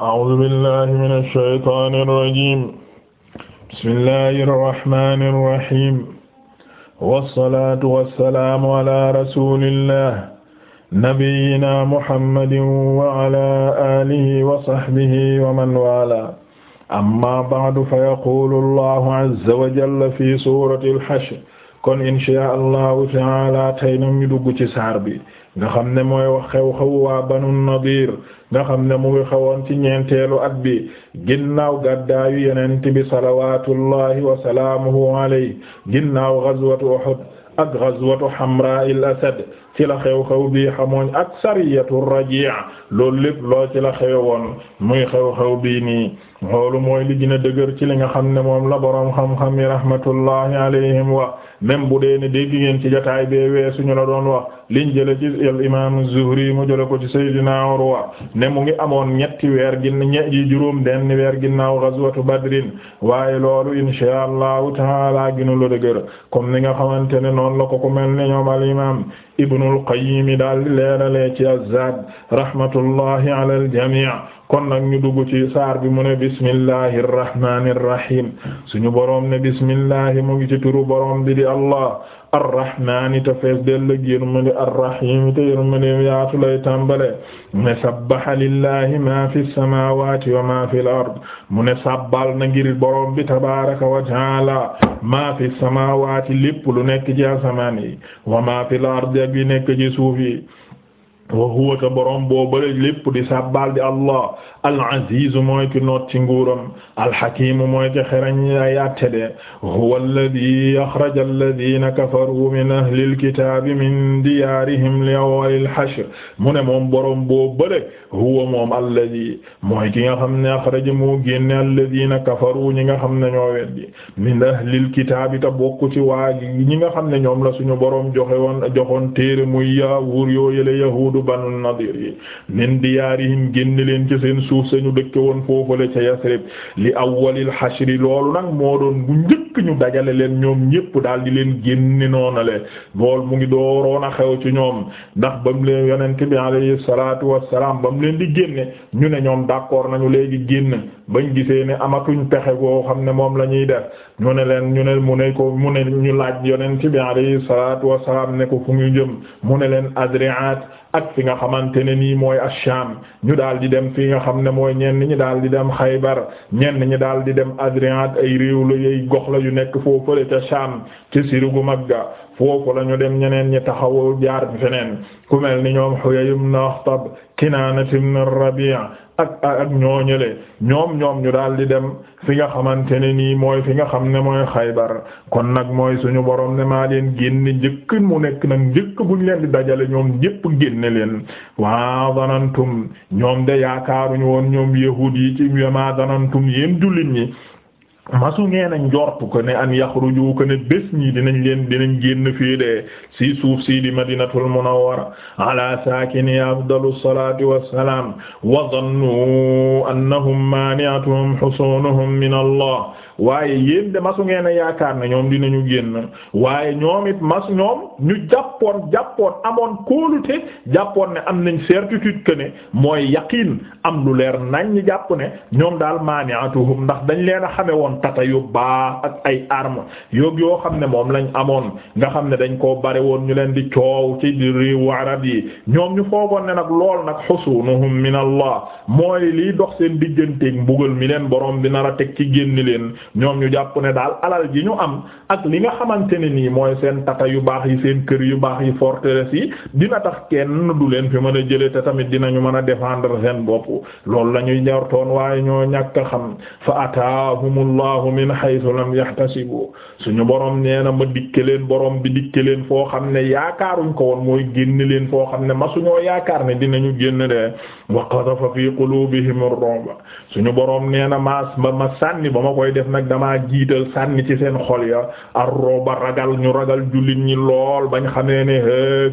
أعوذ بالله من الشيطان الرجيم بسم الله الرحمن الرحيم والصلاة والسلام على رسول الله نبينا محمد وعلى آله وصحبه ومن والاه أما بعد فيقول الله عز وجل في سورة الحشر kon inshaa Allahu ta'aala tey ñu dugg ci saar bi nga xam ne mooy wax xew-xew waa banu nadir nga xam ne mu ngi xewoon ci ñeenteelu at bi ginnaaw gàddaayu yonent bi salawatullahi wa salaamuhu alayhi ginnaaw ghazwatu uhud ak ghazwatu hamra al ci la xew-xew bi xamooñ ak sariyatu rajia loolu lépp loo ci la xewe woon muy xew-xew bii nii loolu mooy li gën a dëgër ci li nga xam ne moom la xam-xam yi rahmatullahi alayhim wa même bu dee ne dégg ngeen ci jotaay bee weesu ñu la doon wax liñ jële ci al imam Zuhri mu jële ko ci Seydina Urwa ne mu ngi amoon ñetti weer gin ñetti juróom benn weer ginnaaw ghazwatu Badrin waaye loolu insha allahu taala ginu la dëgër comme ni nga xamante ne noonu la ko ko mel ni ñoom al imam Ibnul Qayyim daal leeralee ci Azzad rahmatullahi ala al jami' kon nag ñu dugg ci saar bi mu ne bismillahi irrahmani irrahim suñu boroom ne bismillahi mu ngi ci turu boroom bi di allah arrahmaani te fees dell ak yërmande arrahim te yërmande yaatu lay tàmbale mu ne sabbaha lillahi ma fi samawati wa ma fi l ard mu ne sabbal na ngir boroom bi tabaraka wa taala ma fi samawati lépp lu nekk ci asamaan yi wa ma fi l ard ak yi nekk ci suuf yi wa huwa ta borom boo bëri lépp di sabbal di allah al-aziz mooy ki noot ci nguuram al-hakim mooy ki xerañ ay attede huwa alladhi akhraja alladhina kafaru min ahli al-kitabi min diyarihim li awwal al-hashr mu ne moom boroom boo bële huwa moom alladhi mooy ki nga xam ne akhraja moo génne alladhina kafaru ñi nga xam ne ñoo weddi min ahli al-kitabi ta bokk ci waa ñi nga xam ne ñoom la suñu boroom joxe woon joxoon téere muy yaawuur yoo yële yahuudu banu nadir yi min diyaarihim génne leen ci seen suuf sañu dëkke woon foofale ca Yasrib li awwalil xashri loolu nag moo doon bu njëkk ñu dajale leen ñoom ñépp daal di leen génne noonale lool mu ngi dooroon a xew ci ñoom ndax ba mu leen yonent bi alayhi salaatu wassalaam ba mu leen di génne ñu ne ñoom d'accord nañu léegi génn ba bañ gisee ne amatuñ pexe goo xam ne moom la ñuy def ñu ne leen ñu ne mu ne ko mu ne ñu laaj yonent bi alayhi salaatu wassalaam ne ko fu muy jëm mu ne leen adriat ak fi nga xamante ne nii mooy asham ñu daal di dem fi nga xam ne mooy ñenn ñi daal di dem xaybar ñenn ñi daal di dem adriat ay réew la yay gox la yu nekk foofu la ca sham ci sirigu magga foofu la ñu dem ñeneen ñi taxawu jaar feneen ku mel ni ñoom Huyay ibn Akhtab Kinaana ibn ak ak ñooñële ñoom ñoom ñu daal di dem fi nga xamante ne nii mooy fi nga xam ne mooy xaybar kon nag mooy suñu borom ne maa leen génne njëkk mu nekk nag njëkk buñ leen di dajale ñoom ñépp génne leen waa danantum ñoom de yaakaaruñu woon ñoom yahuud yi ci ma danantum yéen jullit ñi masu ngeen a njortu ko ne an yaxruju ko ne bés ñi dinañ leen dinañ génn fii de si suuf si di madinatul munawwara ala saakini afdalu salaati wassalaam wa zannu annahum maani'atuhum husunuhum min allah waaye yéen de masu ngeen a yaakaar ne ñoom dinañu génn waaye ñoom it mas ñoom ñu jàppoon jàppoon amoon kóolute jàppoon ne am nañ certitude que ne mooy yaqiin am lu leer nañ ñu jàpp ne ñoom daal maani'atuhum ndax dañ leen a xame woon tata yu baax ak ay arme yóg yoo xam ne moom lañ amoon nga xam ne dañ koo bare woon ñu leen di coow ci réewu arab yi ñoom ñu foogoon ne nag lool nag xusunuhum min allah mooy liy dox seen digganteeg mbugal mi leen boroom bi nar a teg ci génn leen ñoom ñu jàpp ne daal alal ji ñu am ak li nga xamante ne nii mooy seen tata yu baax yi seen kër yu baax yi forteresse yi dina tax kenn du leen fi mën a jëlee te tamit dinañu mën a défendre seen bopp loolu la ñuy ñortoon allahu min haythu lam yahtasibu suñu borom nee na ma dikke leen borom bi dikke leen foo xam ne yaakaaruñ ko woon mooy génn leen foo xam ne ma suñoo yaakaar ne dinañu génn de wa qadhafa fi qulubihim ar-ru'ba suñu borom nee na ma ma sànni ba ma koy def nag damaa jiital sànni ci seen xol ya ar-ru'ba ragal ñu ragal jullit ñi lool bañ xamee ne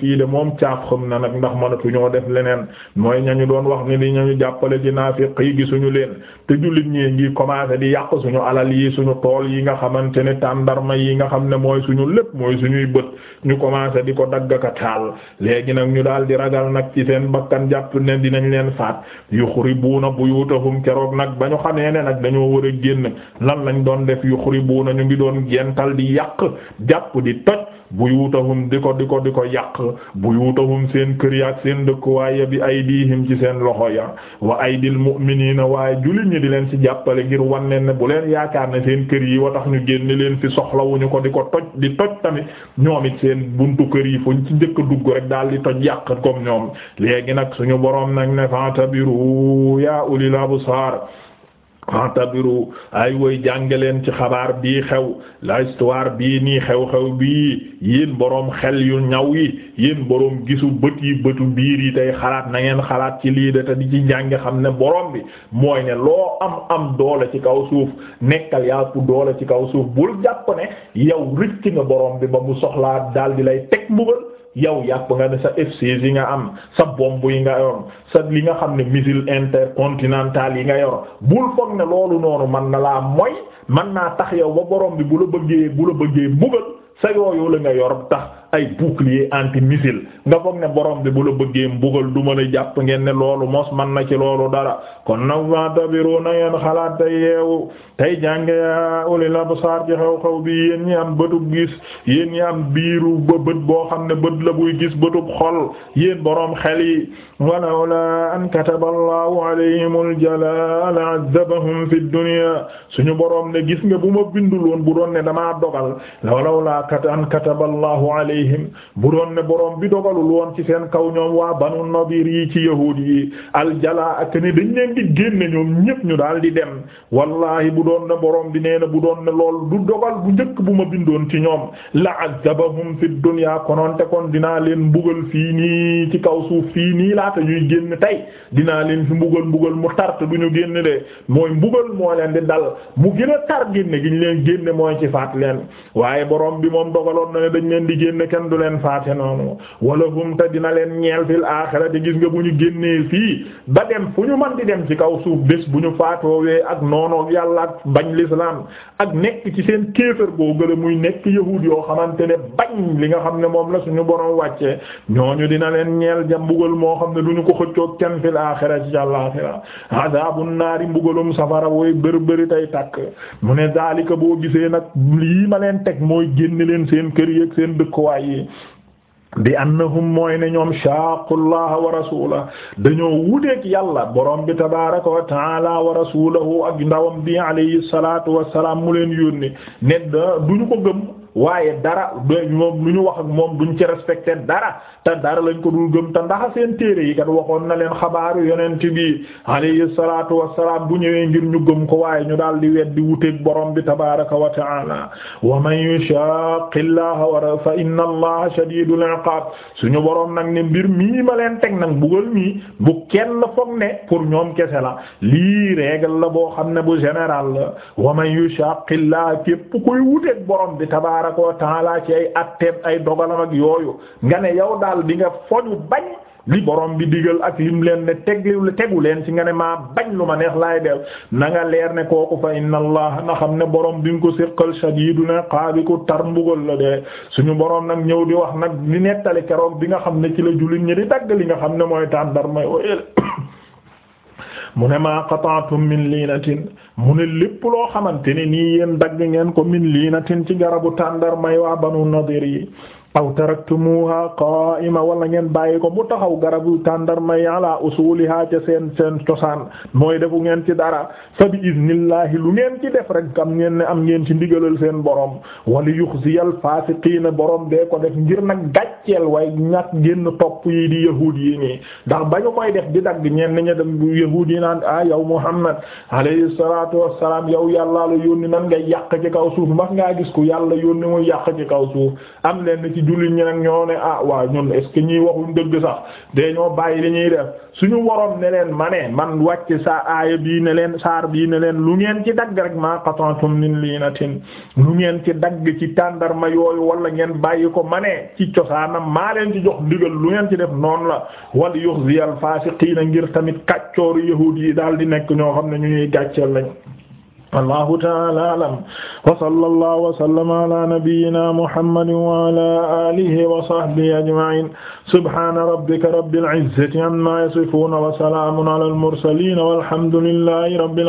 fii de moom caaf na ndax mënatuñoo def leneen mooy ñañu doon wax ni li ñañu jàppale ci naafiq yi gisuñu leen te jullit ñi ngi commencé di yàq suñu alal alal yi suñu tool yi nga xamante ne tàndarma yi nga xam ne mooy suñu lépp mooy suñuy bët ñu commencé di ko daggaka taal léegi nag ñu daal di ragal nag ci seen bakkan jàpp ne dinañ leen faat yuxribuuna buyutahum keroog nag ba ñu xamee ne nag dañoo war a génn lan lañ doon def yuxribuuna ñu ngi doon gental di yàq jàpp di toj buyuutahum di ko di ko di ko yàq bu buyuutahum seen kër ya ak seen dëkkuwaay bi ay aydihim ci seen loxo ya wa ay aydil mu'miniina waaye jullit ñi di leen ci jàppale ngir wan leen ne bu leen yaakaar ne seen kër yi wa tax ñu génne leen fi soxlawuñu ko di ko toj di toj tamit ñoom it seen buntu kër yi fuñ ci njëkk dugg rek daal di toj yàq comme ñoom léegi nag suñu boroom nag ne fa'tabiru yaa bu absar fatabiru ay woy leen ci xabaar bii xew la histoire bii nii xew-xew bii yéen boroom xel yu ñaw yi yéen boroom gisu bët yi bëtu biir yi tey xalaat na ngeen xalaat ci lii de te di ci jànge xam ne boroom bi mooy ne loo am am doole ci kaw suuf nekkal yàpp doole ci kaw suuf bul jàpp ne yow rëcc nga boroom bi ba mu soxlaa daal di lay teg mbugal yow yàpp nga ne sa F-16 yi nga am sa bomb yi nga yor sa li nga xam ne missile intercontinental yi nga yor bul foog ne loolu noonu man na laa mooy man naa tax yow ba borom bi bu la bëggee bu bëggee mbugal sa yooyu la nga yor tax ay bouclier anti-missile nga foog ne borom bi bu la bëggee mbugal duma la jàpp ngeen ne loolu mos man na ci loolu dara kon nag watabiru na ngeen xalaat da yeewu tey jànge yaa ulil absar ci xew-xew bi yéen ñi am bëtub gis yéen ñi am biiru ba bët boo xam ne bët la buy gis bëtub xol yéen boroom xel yi walawla an kataballahu alayhimul jalaa la azabahum fid dunya suñu borom ne gis nga bu ma bindul woon bu doon ne damaa dogal walawla alayhim bu doon ne borom bi dogalul woon ci seen kaw ñoom waa banu nadir yi ci yahuud yi aljalaa ak ne dañ leen di génne ñoom ñépp ñu daal di dem wallahi bu doon ne boroom bi nee bu doon ne lool du dogal bu njëkk bu ma bindoon ci ñoom la ak azabahum fi dunya kononte kon dinaa leen mbugal fii nii ci kaw suuf fii nii laata ñuy génn tey dinaa leen fi mbugal mbugal mu tarte du ñu génn de mooy mbugal moo leen di dal mu gën a tar génne gi ñu leen génne mooy ci kenn du leen faate noonu wala hum te dina leen ñeel fil axirati gis nga bu ñu génnee fii ba dem fu ñu man di dem ci kaw suuf bés bu ñu faatoowee ak noonoog yàlla ak bañ l'islam ak nekk ci seen kéefër boo gëla muy nekk yahuud yoo xamante ne bañ li nga xam ne moom la suñu borom wàccee ñooñu dina leen ñeel ja mbugal moo xam ne du ñu ko xëccoog kenn fil axirati ci àlaxira azabun naari mbugalum safara wooy bër bëri tey tàkk mu ne zalika boo gisee nag lii ma leen teg mooy génn leen seen kër yi seen dëkkuwaay yi bi annahum mooy ne ñoom shaaqullaha wa rasulah dañoo wuuteeg yàlla boroom bi tabaaraka wa taala wa rasulahu ak ndawam bi alayhi salaatu wa salaam mu leen yónni ne duñu ko gëm. waaye dara doy lu ñu wax ak moom duñ ci respecté dara te dara lañ ko dul gëm te ndax seen téere yi kat waxoon na leen xabaaru yonent bi alayhi salaatu wassalaam bu ñëwee ngir ñu gëm ko waaye ñu daal di di wuteeg borom bi tabaaraka wa ta'ala wa man yushaaqi llaha fa inna allaha shadiidul iqaab suñu boroom nag ne mbir mii ma leen teg nag bugal mii bu kenn foog ne pour ñoom kese la lii règle la boo xam ne bu général la wa man yushaaqi llaha képp koy tabaaraka wa taala ci ay atteem ay dogalam ak yooyu nga ne yow daal di nga foñu bañ li borom bi digal ak lim leen ne tegli tegu leen ci nga ne maa bañ lu ma neex laay del na leer ne kooku fa inna allah na xam ne borom bi nga ko séqal shadiidun iqaabi ko tar mbugal la de suñu borom nag ñëw di wax nag di nettali keroog bi nga xam ne ci la jullit ñi di dagg li nga xam ne mooy tàndarma mu ne maa qata'tum min liinatin mu ne lépp loo xamante ne nii yéen dagg ngeen ko min liinatin ci garabu tàndar may waa banu nadir yi aw taraktumuha qaa'ima wala ngeen bàyyi ko mu taxaw garabu tàndarma yi ala usuliha ca seen seen cosaan mooy defu ngeen ci dara fa bi iznillahi lu ngeen ci def rek am ngeen ne am ngeen ci ndigalal seen borom wali yuxziyal faasiqiina borom dee ko def ngir nag gàcceel waaye ñàkk génn topp yi di yahuud yi nii ndax bañu koy def di dagg ñeen ña dem yahuud yi naan ah yow Muhammad alayhi salaatu wassalaam yow yàllaa la yónni nan ngay yàq ci kaw suuf mbax ngaa gis ko yàlla yónni muy yàq ci kaw ci jullit ñi nag ñoo ne ah waaw ñun est ce waxuñ dëgg sax de ñoo bàyyi li ñuy def suñu waroon ne leen ma ne man wàcc sa aaya bii ne leen saar bii ne leen lu ngeen ci dagg rek maa lii na liinatin lu ngeen ci dagg ci tàndarma yooyu wala ngeen bàyyi ko ma ne ci cosaanam maa leen ci jox ndigal lu ngeen ci def noonu la wal yuxziyal faasiqiina ngir tamit kàccooru yahuud yi daal di nekk ñoo xam ne ñu ñuy gàcceel lañ allahu taala alam wa sallallahu wa sallama ala nabiyyina muhammadin wa ala alihi wa sahbihi ajma'in subhana rabbika rabbil izzati amma yasifun wa salamun ala al mursalin walhamdulillahi rabbil